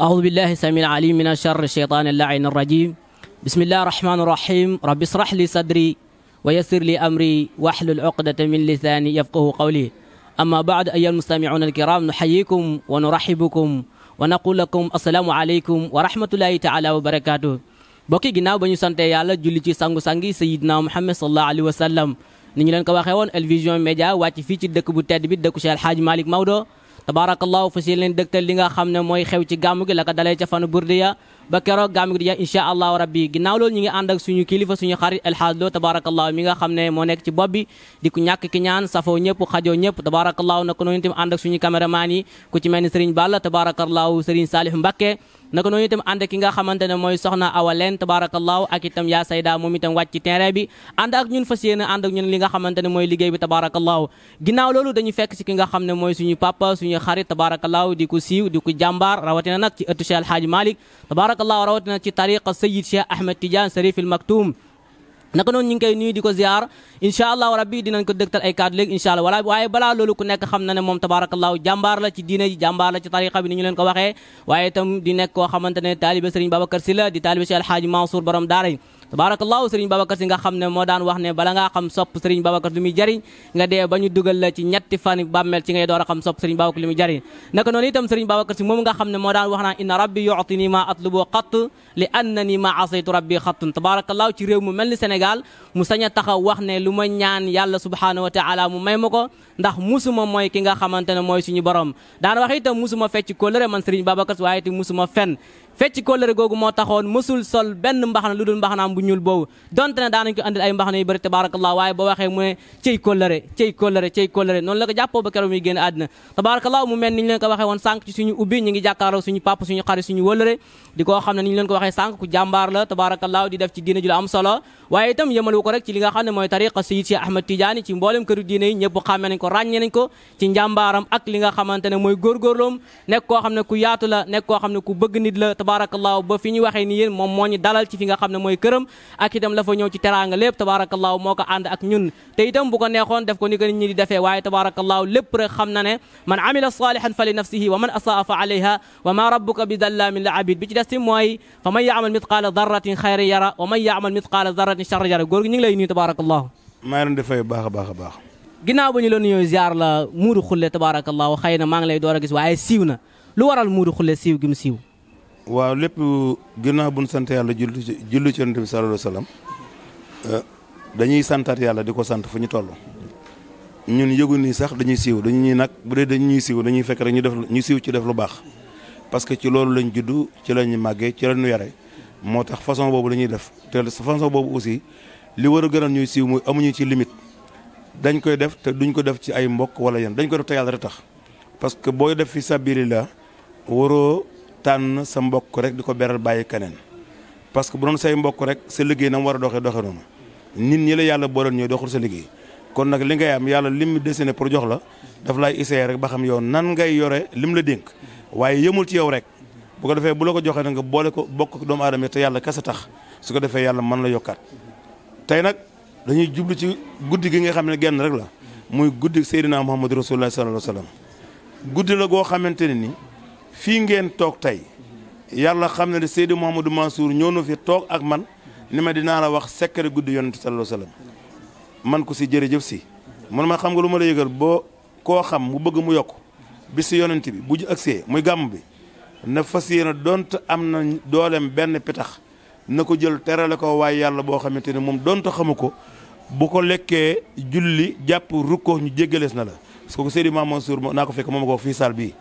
أعوذ بالله السميع العليم من شر الشيطان اللعين الرجيم بسم الله الرحمن الرحيم رب اشرح لي صدري ويسر لي أمري واحلل عقدة من لساني يفقه قولي أما بعد أيها المستمعون الكرام نحييكم ونرحبكم ونقول لكم السلام عليكم ورحمة الله تعالى وبركاته بوكي ginnaaw ba سانتي يالا جولي تي سانغو سانغي سيدنا محمد صلى الله عليه وسلم نيغي لن كو واخيون الفيجن ميديا واتي في تي دك بو تيد بي dëkk شيخ الحاج مالك dëkku tabaarakallaahu fas yéene leen dëgtal li nga xam ne mooy xew ci gàmm gi la ko dalee ca fanu burdiya ba keroog gàmm gi di jeex incha allahu rabbi ginnaaw loolu ñu ngi ànd ak suñu kilifa suñu xarit elhaaj loo tabaarakallaahu mi nga xam ne moo ci bopp di ku ñàkk ki ñaan safoo ñëpp xajoo ñëpp tabaarakallaahu naka noonu itam ànd ak suñu caméraman yi ku ci mel sëriñ Balla tabaarakallaahu sëriñ Saalih Mbakke naka noonu itam ànd ki nga xamante ne mooy soxna awa leen tabaarakallaahu ak itam yaa sayda moom itam wàcc ci terrain bi ànd ñun fas yéene ànd ñun li nga xamante ne mooy liggéey bi tabaarakallaahu ginnaaw loolu dañu fekk si ki nga xam ne mooy suñu papa suñu xarit tabaarakallaahu di ko siiw di ko jàmbaar rawatina nag ci ëttu Cheikh Alhaaji Malick tabaarakallaahu rawatina ci tariqa Sayyid Cheikh Ahmed Tidiane Sarif al Maktoum naka noonu ñu ngi koy nuyu di ko ziar incha allahu rabbi dinañ ko dëgtal ay kàddu léegi incha allah waaye balaa loolu ku nekk xam na ne moom tabarakallahu jàmbaar la ci diine ji la ci tariqa bi ni ñu leen ko waxee waaye itam di nekk koo xamante ne taalibe sëriñ Babacar Sylla di taalibe si alxaaji Mansour borom daara tabaarakallaahu sëriñ Babacar si nga xam ne moo daan wax ne bala ngaa xam sopp sëriñ Babacar lu muy jariñ nga dee ba ñu la ci ñetti fan bàmmeel ci ngay door a xam sopp sëriñ Babacar lu muy jariñ naka noonu itam sëriñ Babacar si moom nga xam ne moo daan wax naan inna rabbi yu'tini ma atlubu xatt li annani ma asaytu rabbi xattun tabaarakallaahu ci réew mu mel ni mu sañ a wax ne lu ñaan yàlla subhaanahu wa ki nga xamante ne mooy suñu borom daan wax itam musuma fecc kóllëre man sëriñ Babacar fecc kóllëre googu moo taxoon mësul sol benn mbaxana lu dul bu ñuul boobu donte ne daanañ ko andil ay mbaxana yu bëri tabarakallah waaye boo waxee mu ne cey kóllëre cey kóllëre cey kóllëre noonu la ko ba keroog muy génn àddina tabarakallah mu mel ni ñu leen ko waxee woon sànq ci suñu ubbi ñu ngi suñu papa suñu xarit suñu wëllëre di koo xam ne ni ñu leen waxee sànq ku jàmbaar la tabarakallah di def ci diine ju la am solo waaye itam yëmalu tabaarakallaahu ba fi ñu waxee ni yéen moom moo dalal ci fi nga xam ne mooy këram ak itam la fa ñëw ci teraanga lépp tabaarakallaahu moo ko ànd ak ñun te itam bu ko neexoon def ko ni ko nit ñi di defee waaye tabaarakallaahu lépp rek xam na ne man amila saalihan fa nafsihi wa man asaa fa alayha wa maa rabbuka bi dallaamin la abid bi ci des ti mooy fa man yaamal mitqaala darratin xayri yara wa man yaamal mitqaala darratin charri yara góor gi ñu ngi lay nuyu tabaarakallaahu maa ngi leen di baax baax baax ginnaaw ba la nuyoo ziar la muudu xulle tabaarakallaahu xëy na maa ngi lay door gis waaye siiw lu waral muudu xulle siiw gi mu siiw wa lepp ginnaaw buñ ñu sant yàlla julli ci nabi sallallahu alaihi wasallam euh dañuy santat yalla diko ko sant fu ñu ñun yëgu ni sax dañuy siiw dañuy nak bu dé dañuy siiw dañuy fekk rek ñu def ñu siiw ci def lu baax parce que ci loolu lañ juddu ci lañ maggé ci lañu yaré motax façon bobu lañuy def té façon bobu aussi li war gënal ñuy siiw moy amuñu ci limite dañ koy def té duñ ko def ci ay mbokk wala yeen dañ ko def te yàlla rek tax parce que boy def fi sabilillah woro tànn sa mbokk rek di ko beral bàyyi keneen parce que bu doon say mbokk rek sa liggéey na mu war a doxee doxee noonu nit ñi la yàlla booleel ñooy doxul sa liggéey kon nag li ngay am yàlla lim mu dessiné pour jox la daf lay essayé rek ba xam yow nan ngay yore lim la dénk waaye yëmul ci yow rek bu ko defee bu la ko joxee nag nga boole ko bokk doomu aadama te yàlla kese tax su ko defee yàlla man la yokkaat tey nag dañuy jublu ci guddi gi nga xam ne genn rek la muy guddi Seydina Muhammad Rasulullah sallallahu alayhi wa la goo xamante fii ngeen toog tey yàlla xam na ne Seydou Mouhamadou Mansour ñëw na fi toog ak man ni ma dinaa la wax secret guddi yonent sallallahu alayhi wasallam man ko si jërëjëf si man ma xam nga lu ma la yëgal boo koo xam mu bëgg mu yokk bi si yonent bi bu agsee muy gàmm bi na fas yéene donte am na dooleem benn pitax na ko jël terale ko waaye yàlla boo xamante ne moom donte xamu ko bu ko lekkee julli jàpp rukko ñu jéggalees na la parce que Seydou Mouhamadou Mansour naa ko fekk moom ko fii saal bii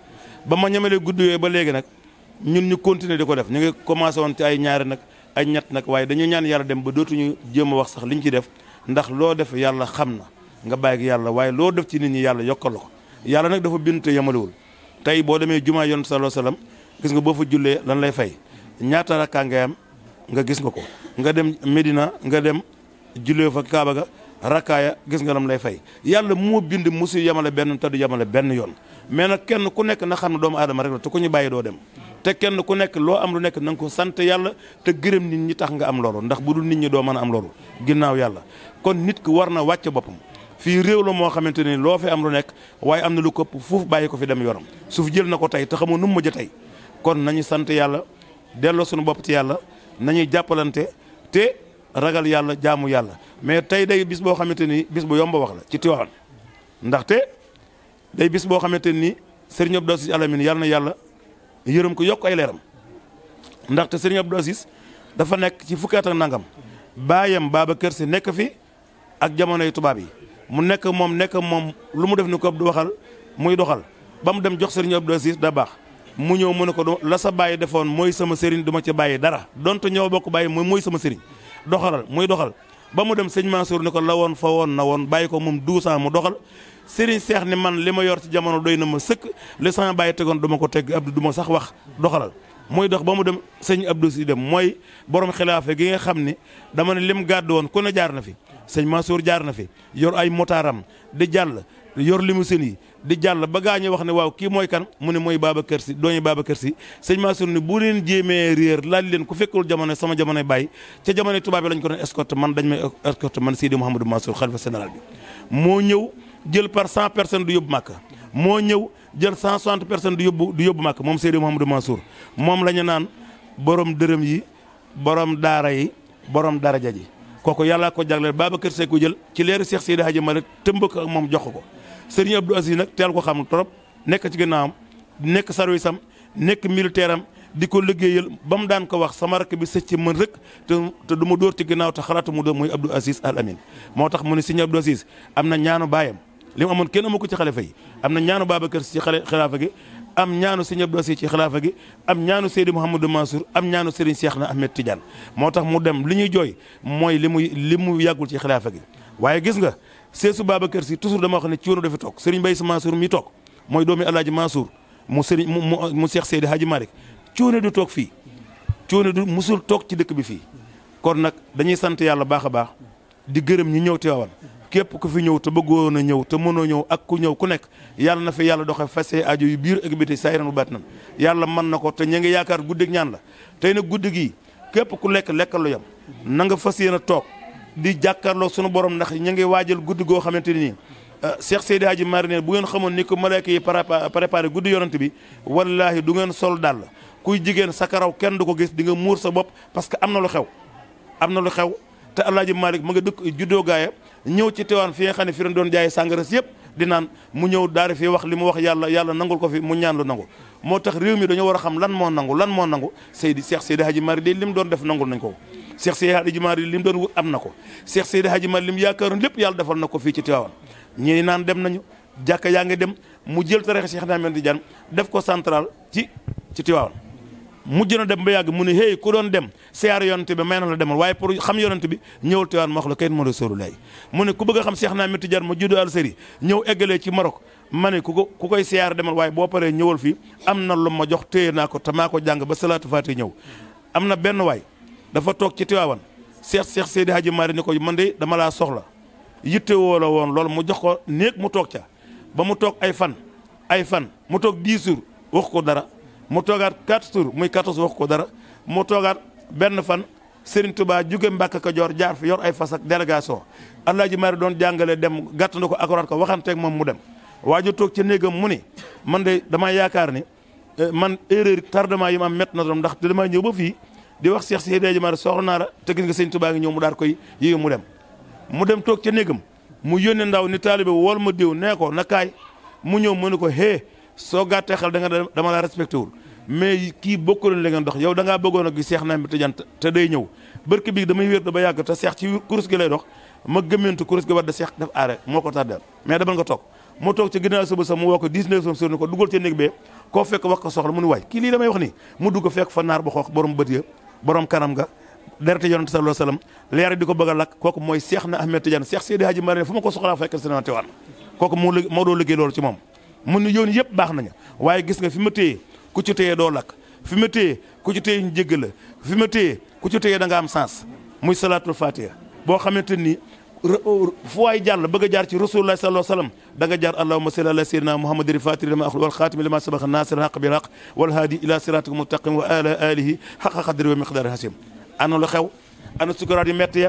ba ma ñamalee gudd yooyu ba léegi nag ñun ñu continuer di ko def ñu ngi commencé woon ci ay ñaari nag ay ñett nag waaye dañuy ñaan yàlla dem ba dootuñu jéem a wax sax liñ ci def ndax loo def yàlla xam na nga bàyyi yàlla waaye loo def ci nit ñi yàlla yokkal la ko yàlla nag dafa bind te yemalewul tey boo demee jumaa yonent sallallahu alayhi gis nga boo fa jullee lan lay fay ñaata rakkaa nga am nga gis nga ko nga dem Medina nga dem jullee fa Kaaba ga rakkaaya gis nga lam lay fay yàlla moo bind musu yemale benn te du benn yoon mais nag kenn ku nekk na xam ne doomu aadama rek la te ku ñu bàyyi doo dem te kenn ku nekk loo am lu nekk na ko sant yàlla te gërëm nit ñi tax nga am loolu ndax bu dul nit ñi doo mën am loolu ginnaaw yàlla kon nit ki war na wàcc boppam fii réew la moo xamante ni loo fi am lu nekk waaye am na lu këpp fuuf bàyyi ko fi dem yoram suuf jël na ko tey te xamoo nu mu mujj tey kon nañu sant yàlla delloo suñu bopp ci yàlla nañuy jàppalante te ragal yàlla jaamu yàlla mais tey day bis boo xamante ni bis bu yomb wax la ci Tiwaawan day bis boo xamante nii sëriñ Abdou Aziz Alamine yàlla na yàlla yërëm ko yokk ay leeram ndaxte sëriñ Abdou Aziz dafa nekk ci fukki at ak nangam baayam Babacar Sy nekk fi ak jamonoy tubaab yi mu nekk moom nekk moom lu mu def ni ko du waxal muy doxal ba mu dem jox sëriñ Abdou Aziz da baax mu ñëw mu ne ko la sa bàyyi defoon mooy sama sëriñ duma ci bàyyi dara donte ñoo bokk bàyyi mooy mooy sama sëriñ doxalal muy doxal ba mu dem sëñ Mansour ne ko la woon fa na woon bàyyi ko moom douze ans mu doxal Serigne Seex ni man li ma yor ci jamono doy na ma sëkk li sama tegoon du ko teg du ma sax wax doxalal muy dox ba mu dem sëñ Abdou dem mooy borom xilaafa gi nga xam ne dama ne lim gàddu woon ku ne jaar na fi sëñ Mansour jaar na fi yor ay motaaram di jàll yor limousine yi di jàll ba gaa ñu wax ne waaw kii mooy kan mu ne mooy Babacar Sy dooñu Babacar Sy sëñ Mansour ni bu leen jéemee réer laal leen ku fekkul jamono sama jamono bàyyi ca jamono tubaab yi lañ ko doon escorte man dañ ma escorte man Seydi ma Mansour xalifa général bi moo ñëw jël par cent personnes du yóbbu màkk moo ñëw jël cent soixante personnes du yóbbu du yóbbu makk moom Seydou Mouhamadou Mansour moom la ñu naan borom dërëm yi borom daara yi borom daraja ji kooku yàllaa ko jagleel Babacar see ko jël ci leeru Cheikh Seydi Hadji Malick tëmb ko ak moom jox ko Serigne Abdou Aziz nag teel ko xam trop nekk ci am nekk service am nekk militaire am di ko liggéeyal ba mu daan ko wax sama rakk bi sëcc mën rek te te du ma dóor ci ginnaaw te xalaatu mu doon muy Abdou Aziz Al moo tax mu ne Serigne Abdou Aziz am na ñaanu baayam li mu amoon kenn amu ko ci xalifa yi am na ñaanu Babacar si xale xilaafa gi am ñaanu Sëñ Abdou Aziz ci xilaafa gi am ñaanu Seydi Mouhamadou Mansour am ñaanu Serigne seex na Ahmed Tidiane moo tax mu dem li ñuy jooy mooy li muy li mu yàggul ci xilaafa gi waaye gis nga seesu Babacar si toujours dama wax ne ci woonu dafa toog Serigne Baye si Mansour mi toog mooy doomi Alaaji Mansour mu Serigne mu mu Cheikh Seydi marik Malick cóone du toog fii cóone du musul toog ci dëkk bi fii kon nag dañuy sant yàlla baax a baax di gërëm ñi ñëw Tiwaawan képp ku fi ñëw te bëggoon a ñëw te mënoo ñëw ak ku ñëw ku nekk yàlla na fi yàlla doxe fase aajo yi biir ak biti saa bu baat nan yàlla man na ko te ñu ngi yaakaar guddik ñaan la tey nag guddi gi képp ku lekk lekkal yam na nga fas yéen a toog di jàkkaarloo sunu borom ndax ñu ngi waajal guddi goo xamante ni ah, Cheikh Seydi Hadji Mari bu ngeen xamoon ni ko malaaka yi préparé guddi yonent bi wallahi du ngeen sol dàll kuy jigéen sa karaw kenn du ko gis di nga muur sa bopp parce que am na lu xew am na lu xew te Alaaji Malick ma nga dëkk juddoo gaaya ñëw ci Tiwaan fi nga xam ne fi doon jaay sàngara si yëpp di naan mu ñëw daari fii wax li mu wax yàlla yàlla nangul ko fi mu ñaan lu nangu moo tax réew mi dañoo war a xam lan moo nangu lan moo nangu Seydi Cheikh Seydi Hadji Malick li mu doon def nangul nañ ko Cheikh Seydi Hadji Malick li mu am na ko Cheikh Seydi Hadji Malick li mu yaakaaroon lépp yàlla defal na ko fii ci Tiwaan ñii naan dem nañu jàkka yaa ngi dem mu jël tarixa Cheikh di Tidiane def ko central ci ci Tiwaan mujj na dem ba yàgg mu ne hey ku doon dem siyaar yonent bi may na la demal waaye pour xam yonent bi ñëwal Tiwaawan ma wax la kenn moo Rasulullah mu ne ku bëgg a xam Cheikh Ahmed Tidiane ma juddu Algérie ñëw eggalee ci Maroc ma ne ku ko ku koy siyaar demal waaye boo paree ñëwal fii am na lu ma jox téye naa ko te ko jàng ba salaatu faati ñëw. am na benn waay dafa toog ci Tiwaawan Cheikh Cheikh Seydi Hadji Mari ne ko man de dama laa soxla yitte woo la woon loolu mu jox ko néeg mu toog ca ba mu toog ay fan ay fan mu toog 10 jours wax ko dara. mu toogaat 4 jours muy 14 wax ko dara mu toogaat benn fan Serigne Touba jóge Mbàkke Kajoor jaar fi yor ay fas ak délégation Alaaji Maari doon jàngale dem gàttandu ko akuraat ko waxanteeg moom mu dem. waa ju toog ca néegam mu ni man de damay yaakaar ni eh, man erreur tardement yi ma am métti na doon ndax damay ñëw ba fii di wax Cheikh Seydi Alaaji Maari soxla naa la te gis nga Serigne Touba ngi ñëw mu daal koy yéeyu mu dem. mu dem toog ca néegam mu yónnee ndaw ni taalibe wool ma diw nee ko na mu ñëw mu ne ko soo gàttee xel da nga dama la respecté wul mais kii bokkuloon li ngeen dox yow da ngaa bëggoon a gis seex na mi tijaan te day ñëw barke bi damay wér da ba yàgg te seex ci kurus gi lay dox ma gëmmentu kurus gi war da seex def aare moo ko tardeel mais demal nga moo toog ci ginnaaw suba ko 19 som sur ni ko dugal ci néeg bee koo fekk wax ko soxla mu ni waay kii lii damay wax nii mu dugg fekk fa naar bu xoox borom bët ya borom kanam ga derete yonante sallallahu alayhi wasallam leer di ko bëgg a lakk kooku mooy seex na Ahmed Tidiane seex Seydi Hadji Mari fu ma ko soxlaa fekk sénéwante waan kooku moo moo doo liggéey loolu moom mën ni yoon yëpp baax nañu waaye gis nga fi ma téye ku ci téye doo lakk fi ma téye ku ci téye ñu jégg la fi ma téye ku ci téye da nga am sens muy salaatul fatiha boo xamante ni euh, fu waay jàll bëgg jaar ci rasulullah sallallahu alayhi wa sallam da nga jaar allahumma salli ala sayyidina muhammadin al-faatiri lima axlu wal xaatimi lima sabaqa naasiril haqq bil haqq wal haadi ila siraatika mustaqim wa ala alihi haqqa qadri wa miqdaari hasim ana lu xew ana sukuraat yu metti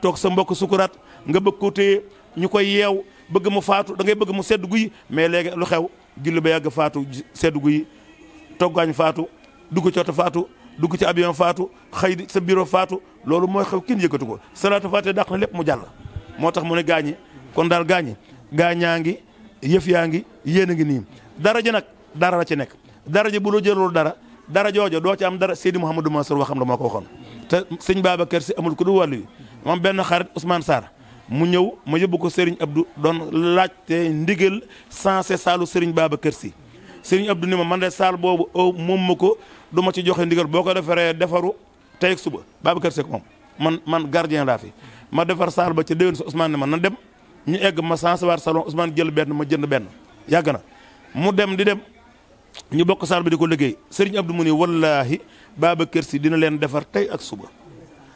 toog sa mbokk sukuraat nga bëgg ko téye ñu koy yeew bëgg mu faatu da ngay bëgg mu sedd guy mais léegi lu xew julli ba yàgg faatu sedd guy toggaañ faatu dugg ci faatu dugg ci avion faatu xëy sa bureau faatu loolu mooy xew kenn yëkkatu ko salaatu faate dàq na lépp mu jàll moo tax mu ne gaañi kon daal gaañi gaañaa ngi yëf yaa ngi yéen a ngi nii dara daraja nag dara la ci nekk daraja bu la jëlul dara dara joojo doo ci am dara Seydi Mouhamadou Mansour waxam la moo ko waxoon te sëñ Babacar si amul ku du wàllu yi moom benn xarit Ousmane Sarr mu ñëw ma yóbbu ko Serigne Abdou doon laajte ndigal sansé saalu Serigne Babacar Sy Serigne Abdou ni ma man de saal boobu aw oh, moom ma ko du ma ci joxe ndigal boo ko defaree defaru tey ak suba Babacar Sy ko moom man man gardien laa fi ma defar saal ba ca déwén sa Ousmane ne ma na dem ñu egg ma sansé waat salon Ousmane jël benn ma jënd benn yàgg na mu dem di dem ñu bokk saal bi di ko liggéey Serigne Abdou mu ni wallaahi Babacar Sy dina leen defar tey ak suba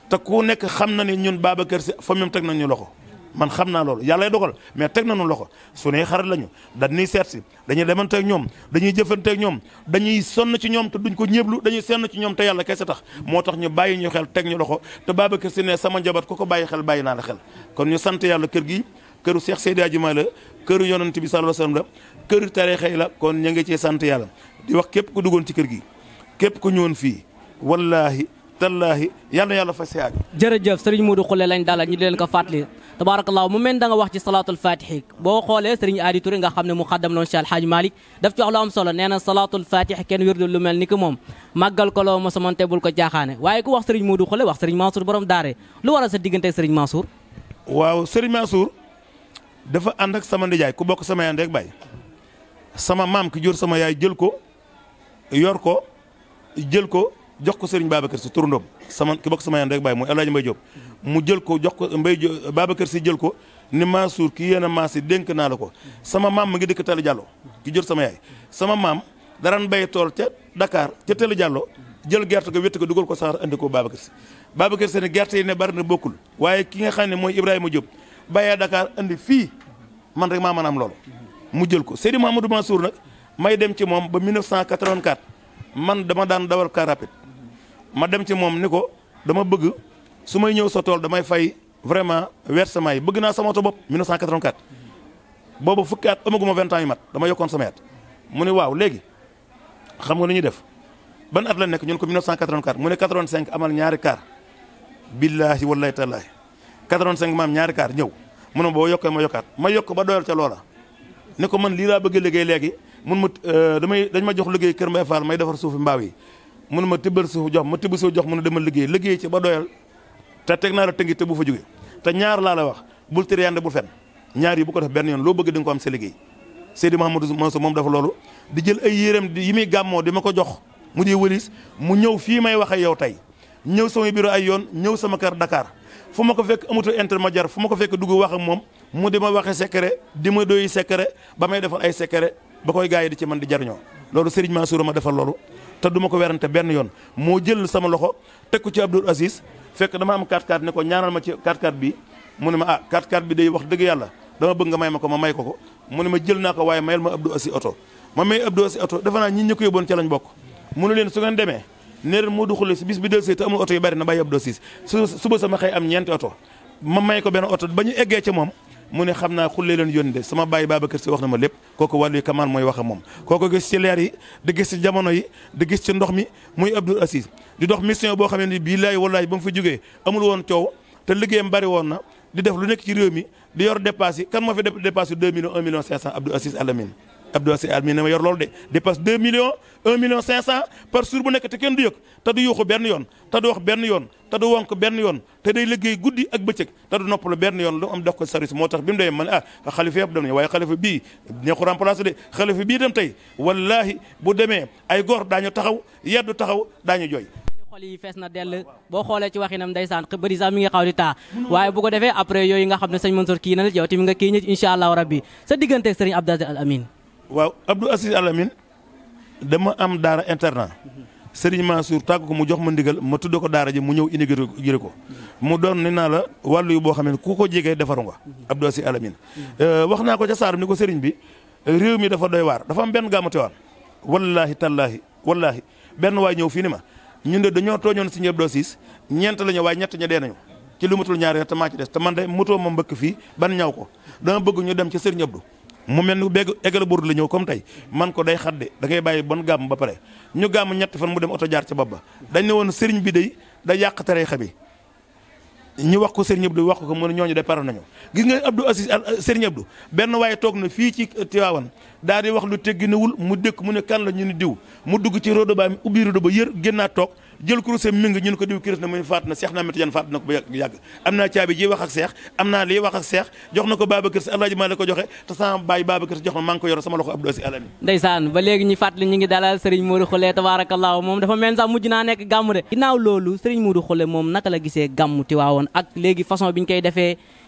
te ku nekk xam na ni ñun Babacar Sy fa même teg nañ ñu loxo man xam naa loolu yàlla dogal mais teg nañu loxo suñuy xarit lañu dañuy seet si dañuy demanteeg ñoom dañuy jëfanteeg ñoom dañuy sonn ci ñoom te duñ ko ñéblu dañuy senn ci ñoom te yàlla kese tax moo tax ñu bàyyi ñu xel teg ñu loxo te Babacar Sy nee sama njaboot ko ko bàyyi xel bàyyi naa la xel kon ñu sant yàlla kër gi këru Cheikh Seydi Hadji Malick la këru yonent bi sallallahu alayhi wasallam la këru tariixa yi la kon ñu ngi ciy sant yàlla di wax képp ku duggoon ci kër gi képp ku ñëwoon fii wallaahi tallaahi yàlla yàlla fa si jërëjëf Serigne Modou Khoule lañ dalal ñu ko tabaarakallaahu mu mel da nga wax ci salaatul fatixi boo xoolee sëriñ Aadi Touré nga xam ne mu xaddam loon Cheikh Alhaaj Malick daf ci wax lu am solo nee na salaatul fatixi kenn wérdul lu mel ni ki moom màggal ko loo mosamante bul ko jaaxaane waaye ku wax sëriñ Moodu Xule wax sëriñ Mansour borom daré lu waral sa diggante ak sëriñ Mansour waaw sëriñ Mansour dafa ànd ak sama ndijaay ku bokk sama yaan rek bàyyi sama maam ki jur sama yaay jël ko yor ko jël ko jox ko sëriñ Babacar si turandoom sama ki bokk sama yaan rek bàyyi mooy Alaaji Mbay Jóob mu jël ko jox ko mbay Babacar si jël ko ni Mansour ki yéen a maas yi dénk naa la ko sama maam mu ngi dëkk Talla Diallo ki jël sama yaay sama maam daraan bay tool ca dakaar ca Talla Diallo jël gerte ko wétt ko dugal ko saxar andi ko Babacar si Babacar si ne gerte yi ne bari na bokkul waaye ki nga xam ne mooy Ibrahima Diop bàyyee Dakar andi fii man rek maa mën a am loolu mu jël ko Seydou maa Mansour nag may dem ci moom ba 1984 man dama daan dawal car rapide ma dem ci moom ni ko dama bëgg su may ñëw sa tool damay fay vraiment versement yi bëgg naa sama oto bopp 1984 boobu fukki at amaguma 20 ans yu mat dama yokkoon sama at mu ne waaw léegi xam nga nu ñuy def ban at la nekk ñun ko 1984 mu ne 85 amal ñaari kaar billaahi wallaahi tallaahi 85 maam ñaari kaar ñëw mu ne boo yokkee ma yokkaat ma yokk ba doyal ca loola ne ko man lii laa bëgg liggéey léegi mun ma euh, damay dañ ma jox liggéey Kër Mbaye Fall may defar suufu mbaaw yi mun ma tibbal suuf jox ma tibb suuf jox mun a demal liggéey liggéey ci ba doyal te teg naa la tëngi te bu fa jógee te ñaar laa la wax bul tëréyande bu fen ñaar yi bu ko def benn yoon loo bëgg di nga ko am sa liggéey Seydi Mouhamadou Mansour moom dafa loolu di jël ay yéreem yi muy gàmmoo di ma ko jox mu di wëlis mu ñëw fii may wax ak yow tey ñëw sama bureau ay yoon ñëw sama kër Dakar fu ma ko fekk ma jar fu ma ko fekk dugg wax ak moom mu di ma waxe secret di ma doy secret ba may defal ay secret ba koy gars yi di ci man di jariñoo loolu Serigne Mansour ma defal loolu te du ko werante benn yoon moo jël sama loxo teg ko ci Abdoul fekk dama am 4-4 ne ko ñaanal ma ci 4-4 bi mu ne ma ah 4-4 bi day wax dëgg yàlla dama bëgg nga may ma ko ma may ko ko mu ne ma jël naa ko waaye mayal ma Abdou Assi oto ma may Abdou Assi oto defe naa ñi ñu ko bokk mu ne leen su ngeen demee neer moo du xule si bis bi del see te amul oto yu bari na bàyyi Abdou Assi su suba sama xëy am ñeenti oto ma may ko benn oto ba ñu eggee ca moom mu ne xam naa xullee leen yónni de sama bàyyi Babacar Si wax na ma lépp kooku wàllu kamaan mooy wax moom kooku gis ci leer yi di gis ci jamono yi di gis ci ndox mi muy Abdoul Aziz di dox mission boo xam ne bii laay wallaay ba mu fi jógee amul woon coow te liggéeyam bari woon na di def lu nekk ci réew mi di yor dépasse yi kan moo fi def dépasse yu 2 millions 1 million 500 Abdoul Aziz Al Amine Abdou Aziz Al mii ne yor loolu de dépasse 2 millions 1 million 500 par jour bu nekk te ken du yok te du yuuxu ben yoon te du wax ben yoon te du wonk ben yoon te day liggey goudi ak bëccëg te du noppalu ben yoon lu am dox ko service motax bim bi man ah khalife yëpp dem nañu waaye xalifa bii nee ko remplacé de xalifa bi dem tay wallahi bu demee ay gor dañu taxaw yeddu taxaw dañu joy xol yi fees na dell boo xoolee ci waxinam ndaysan bëri sax mi ngi xaw di taa waaye bu ko defé après yoy nga xam ne Mansour ki na la yow tamit nga kii ñi incha rabbi sa digganteeg sëriñ Abdou Aziz Al amin waaw Abdou Aziz Alamine dama am daara internat Serigne Mansour tàgg ko mu jox ma ndigal ma tudd ko daara ji mu ñëw inauguré ko mu doon ne naa la wàllu yu boo xam ne ku ko jege defaru nga Abdou Aziz Alamine euh, wax naa ko ca saarum ni ko sëriñ bi réew mi dafa doy waar dafa am benn gàmmu Tiwaawan wallaahi tallaahi wallaahi benn waay ñëw fii ni ma ñun de dañoo tooñoon si Abdou Aziz ñeent la ñu waaye ñett ña dee nañu ci lu matul ñaar te maa ci des te man de moto ma mbëkk fii ban ñaw ko dama bëgg ñu dem ci Serigne Abdou mu mel ni bégg égal bóor la ñëw comme tey man ko day xadde dangay bàyyi bon gàmm ba pare ñu gàmm ñetti fan mu dem oto jaar ca bopp ba dañ ne woon sëriñ bi day da yàq tariixa bi ñu wax ko sëriñ Abdou wax ko mu ne ñooñu de pare nañu gis nga Abdou Aziz sëriñ du benn waaye toog na fii ci Tiwaawan daal di wax lu tegginawul mu dëkk mu ne kan la ñu ni diw mu dugg ci rodo ba mi ubbi rodo ba yër génnaat toog jël kurusam mi ngi ñu ne ko diw kurus na muy faat na seex naa météo faat na ko ba yàgg am naa caabi ji wax ak seex am naa lii wax ak seex jox na ko Babacar Si alaaji maa la ko joxe te sama baay Babacar Si jox na maa ngi ko yor sama loxo Abdou Si alami ndeysaan de ginnaaw loolu Serigne Modou Khoule moom naka la gisee gàmm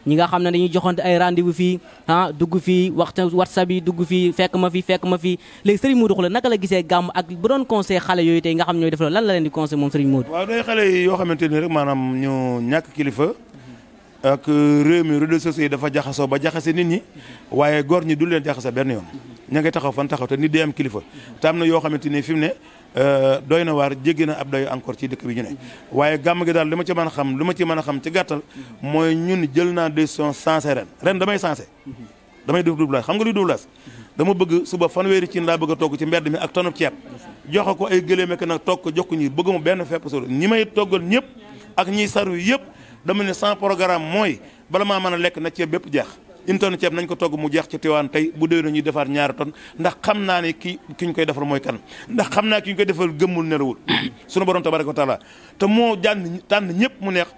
nga xam ne dañuy joxante ay rendez fii ah dugg fii waxta whatsapp dugg fii fekk ma fii fekk ma fii léegi Serigne Modou Khoule naka la gisee gàmm ak bu doon conseil xale yooyu tey nga moom sëriñ Modou. xale yi yoo xamante ni rek maanaam ñu ñàkk kilifa ak réew mi réseaux sociaux yi dafa jaxasoo ba jaxase nit ñi waaye góor ñi du leen jaxase benn yoon ña ngay taxaw fan taxaw te nit day am kilifa tam am na yoo xamante ni fi mu ne euh, doy na waar jéggi na ab doy encore ci dëkk bi ñu ne waaye gàmm gi daal li ma ci mën a xam li ma ci mën a xam ci gàttal mooy ñun jël naa décision sensé ren ren damay sensé damay def doublage xam nga luy doublage dama bëgg suba fanweeri cin laa bëgga a togg ci mbedd mi ak tonub ceeb joxe ko ay gëléem ak nag togg ko jox ko bëgg bëgguma benn fepp solo ñi may toggal ñëpp ak ñii saru yëpp dama ne sans programme mooy bala maa mën a lekk na ceeb bépp jeex une tonne ceeb nañ ko togg mu jeex ci tiwaan tey bu déwénee ñuy defaat ñaari tonne ndax xam naa ne ki ki ñu koy defar mooy kan ndax xam naa ki ñu koy defal gëmmul nelawul sunu borom tabaraka wa taala te moo jànn tànn ñëpp mu neex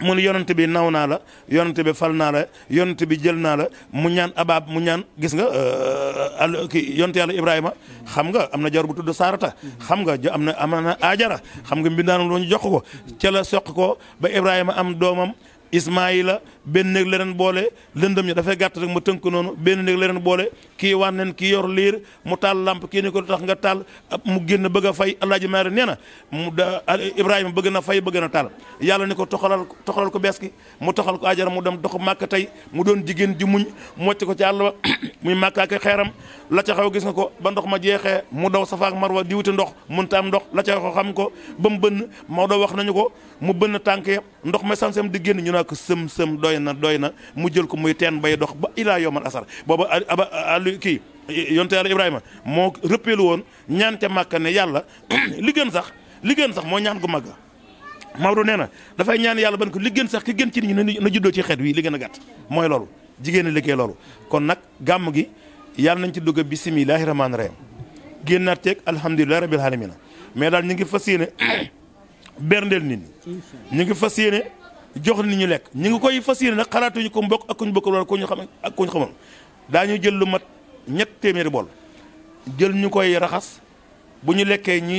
mu ne bi naw naa la yonent bi fal naa la yonent bi jël naa la mu ñaan abaab mu ñaan gis nga euh, al kii yonent Ibrahima xam nga am na jor bu tudd Saarata xam nga am na am na Ajara xam nga mbindaanam lu ñu jox ko ca la soq ko ba Ibrahima am doomam. Ismaayila benn néeg la leen boole lëndëm ñi dafay gàtt rek ma tënk noonu benn néeg la leen boole ki wan neen kii yor liir mu taal lamp kii ni ko tax nga taal mu génn bëgg a fay alaaji maari nee na mu da Ibrahima bëgg na fay bëgg na taal yàlla ni ko toxalal toxalal ko bees ki mu toxal ko ajara mu dem dox màkk tey mu doon jigéen ji muñ mocc ko ci àll ba muy màkkaake xeeram la ca xew gis nga ko ba ndox ma jeexee mu daw safaak marwa di wuti ndox mun ta am ndox la ca xew xam ko ba mu bënn Maodo wax nañu ko mu bënn tànk ya ndox ma samsam di génn ñu naa ko sëm sëm doy na doy na mu jël ko muy teen bay dox ba ilaa yomal asar booba aba ali kii yonte yàlla ibrahima moo rëppeelu woon ñaante màkka ne yàlla li gën sax li gën sax moo ñaan gu màgg Maodo nee na dafay ñaan yàlla ban ko li sax ki gën ci nit ñi na juddoo ci xet wi li gën a gàtt mooy loolu jigéen liggéey loolu kon nag gàmm gi yàlla nañ ci dugg bisimilahi rahmaani rahim génnaat teeg alhamdulilahi rabil alamina berndeel nit ñi ñu ngi fas yéene jox nit ñu lekk ñu ngi koy fas yéene nag xalaatuñu ko mbokk ak kuñ bokkal wala kuñ xam ak kuñ xamal daañu jël lu mat ñett téeméeri bool jël ñu koy raxas bu ñu lekkee ñu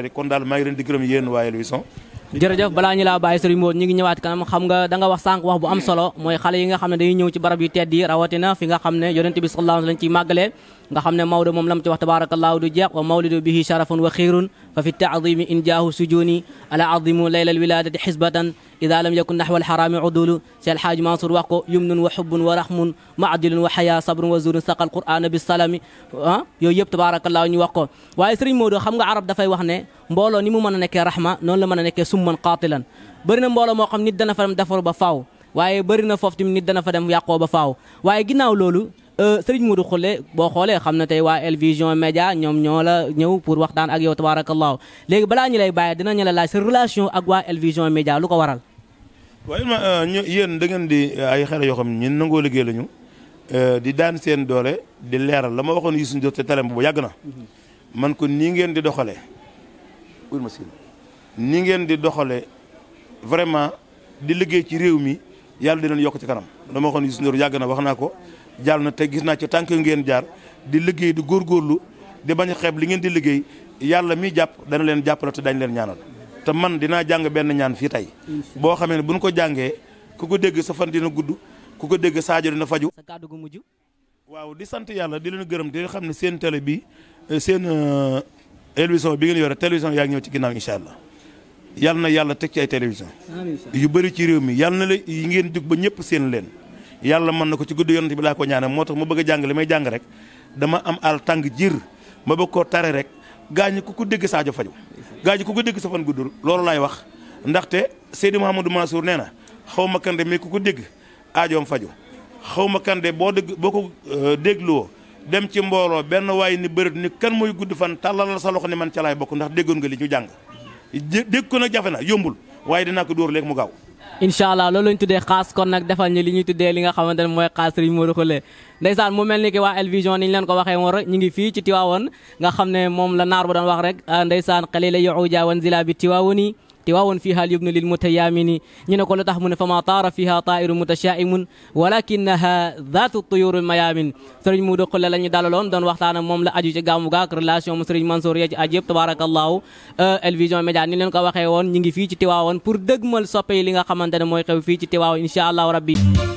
yi kon daal maa ngi leen di gërëm yéen waaye Louison jërëjëf balaa ñu laa bàyyi sëriñ Mbow ñu ngi ñëwaat kanam xam nga da nga wax sànq wax bu am solo mooy xale yi nga xam ne dañuy ñëw ci barab yi tedd yi rawatina fi nga xam ne yonente bi sallallahu alayhi ci màggalee nga xamne mawdu mom lam ci wax tabaarakallaahu du jeex wa mawlidu bihi sharafun wa khairun fa fi ta'zim in jaahu sujuni ala azimu layla alwiladati hisbatan idha lam yakun nahwa alharam udulu si haj mansur wa ko yumnun wa hubbun wa rahmun ma'dilun wa haya sabrun wa zurun saqal bis salam ha yooyu yeb tabaarakallaahu ñu wax ko waye serigne Maodo xam nga arab fay wax ne mbolo ni mu meuna nekke rahma non la meuna nekke summan qatilan bëri na mbooloo moo xam nit dana fa dem defaru ba faaw waye bëri na foofu nit dana fa dem yaqo ba faaw waye ginaaw loolu Euh, Serigne Modou Khoule boo xoolee xam na tey waa El Vision Média ñoom ñoo la ñëw pour wax waxtaan ak yow tabaarakallaahu léegi balaa ñu lay bàyyi dinañu la laaj sa relation ak waa El Vision Média lu ko waral. waaye ma euh, ñu yéen da ngeen di euh, ay xel yoo xam ne ñun nangoo liggéey lañu di daan seen doole di leeral la ma waxoon Youssou Ndour te talem boobu yàgg na mm-hmm. man ko nii ngeen di doxalee nii ngeen di doxalee vraiment di liggéey ci réew mi yàlla dinañ yokk ci kanam la ma waxoon Youssou Ndour yàgg na wax naa ko. jàll na te gis naa ci tànk ngeen jaar di liggéey di góorgóorlu di bañ a xeeb li ngeen di liggéey yàlla mi jàpp dana leen jàppale te dañ leen ñaanal te man dinaa jàng benn ñaan fii tey boo xamee ne bu ñu ko jàngee ku ko dégg sa fan dina gudd ku ko dégg saajo dina faju sa kàddu gu mujj waaw di sant yàlla di leen gërëm di xam ne seen tele bi euh, seen télévision euh, bi ngeen yore télévision yaa ngi ñëw ci ginnaaw incha allah yàlla na yàlla teg ci ay télévision yu bëri ci réew mi yàlla na yi ngeen jug ba ñëpp seen leen yàlla mën na ko ci guddi yonent bi laa ko ñaanal moo tax ma bëgg a jàng li may jàng rek dama am al tàng jiir ma bëgg koo tare rek gaañu ku ko dégg saajo faju gaañu ku ko dégg sa fan guddul loolu laay wax ndaxte Seydi Mouhamadou Mansour nee na xaw ma kande mais ku ko dégg aajoom faju xaw ma kande boo dégg boo ko euh, dégloo dem ci mbooloo benn waaye ni bërët ni kan mooy gudd fan tàllalal sa loxo ni man ca laay bokk ndax déggoon nga li ñu jàng dégg ko na jafe na yombul waaye dinaa ko dóor léegi mu gaaw incha allah loolu lañ tuddee xaas kon nag defal ñu li ñuy tuddee li nga xamante ne mooy xaas Serigne Modou Khoule ndeysaan mu mel ni ki waa El Vision leen ko waxee woon rek ngi fii ci Tiwaawoon nga xam ne moom la naar bu doon wax rek ndeysaan xale la yoxu jaawan zila bi Tiwaawoon تواون فيها اليمن للمتيامن ينقل تحمن فما طار فيها طائر متشائم ولكنها ذات الطيور الميامن سرج مودو قل لن يدالون دون وقت انا مملا اجي جامو غاك ريلاسيون سرج منصور اجيب تبارك الله أه، الفيجن ميديا ني لن كو واخي وون نيغي في تي تواون بور دغمل سوبي ليغا خمانتني موي خيو في تي تواون ان شاء الله ربي